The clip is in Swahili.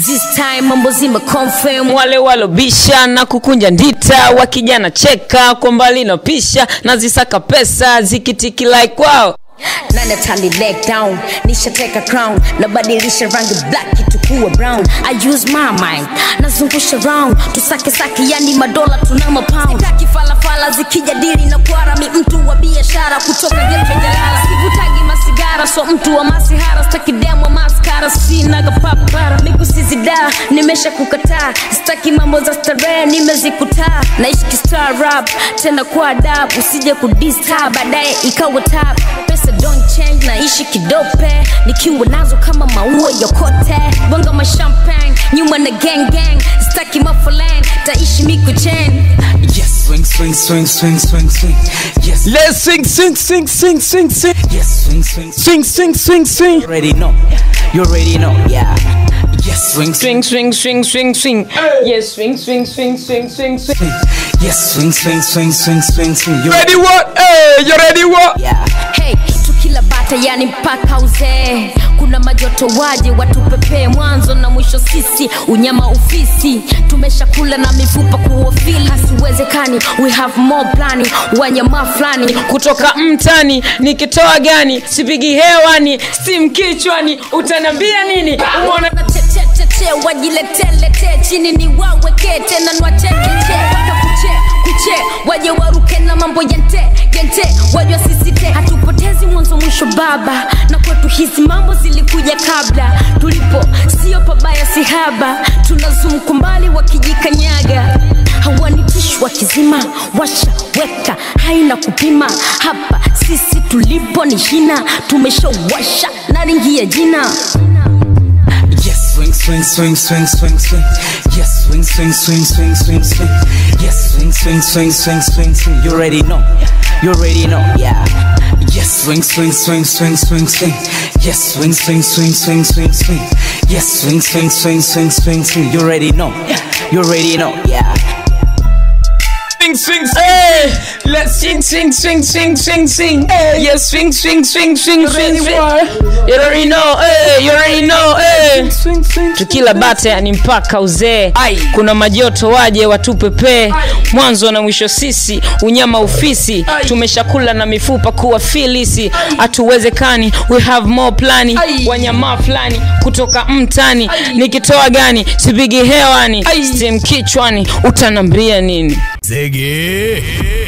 This time mambo zima confirm. Wale walobisha na kukunja ndita wakijana cheka kwa mbali na pisha na zisaka pesa zikitiki like kwao nane tani leg down Nisha take a crown nabadilisha rangi black kitu kuwa brown i use my mind nazungusha round tusake sake yani madola tunama pound Sitaki fa mara so mtu um wa masihara staki demo maskara sinaga papara mikusizida nimesha kukataa staki mambo za starehe nimezikutaa naishi kistarab tena kwa adabu usije kudista baadaye ikawa tap pesa don't change naishi kidope nikiwa nazo kama maua yokote bonga mashampagne nyuma na gang gang staki mafoleng taishi mikuchen swing, swing, swing, swing, swing, swing. Yes. Let's sing, sing, sing, sing, sing, sing. Yes, swing, swing, swing, swing, swing, swing. You already know. You already know. Yeah. Yes, swing, swing, swing, swing, swing, swing. Yes, swing, swing, swing, swing, swing, swing. Yes, swing, swing, swing, swing, swing, swing. You ready what? Hey, you ready what? Yeah. Hey, To kill tukila bata yani mpaka uzee. Kuna majoto waje watu pepe mwan macho sisi unyama ufisi tumeshakula na mifupa kuofili hasiwezekani we have more plani wanyama fulani kutoka mtani nikitoa gani sipigi hewani simkichwani utanambia nini umeona tetetetete wajileteletee chini ni wawekee tena nwachekeche wakakuche kuche waje waruke na mambo yente yente wajwa sisite hatu mwanzo mwisho baba na kwetu hizi mambo zilikuja kabla tulipo sio pabaya si sihaba tunazumku mbali wakijikanyaga hawanitishi wakizima washaweka haina kupima hapa sisi tulipo ni hina tumeshawasha na ringi ya jina swing, swing, swing, swing, swing. Yes, swing, swing, swing, swing, swing, swing. Yes, swing, swing, swing, swing, swing, swing. You already know. You already know. Yeah. swing, swing, swing, swing, swing, swing. Yes, swing, swing, swing, swing, swing, swing. Yes, swing, swing, swing, swing, swing, swing. You already know. You already know. Yeah. Sing, sing, sing. let's sing, sing, sing, sing, sing, sing. Hey, yes, sing, sing, sing, sing, sing, sing. You already know, hey, you already know, hey. Tukila bate ni mpaka uzee, kuna majoto waje watupepee, mwanzo na mwisho sisi, unyama ufisi, tumeshakula na mifupa kuwa filisi, hatuwezekani, we have more plani, wanyamaa fulani kutoka mtani, nikitoa gani sipigi hewani, stem kichwani, utanambia nini? Segui.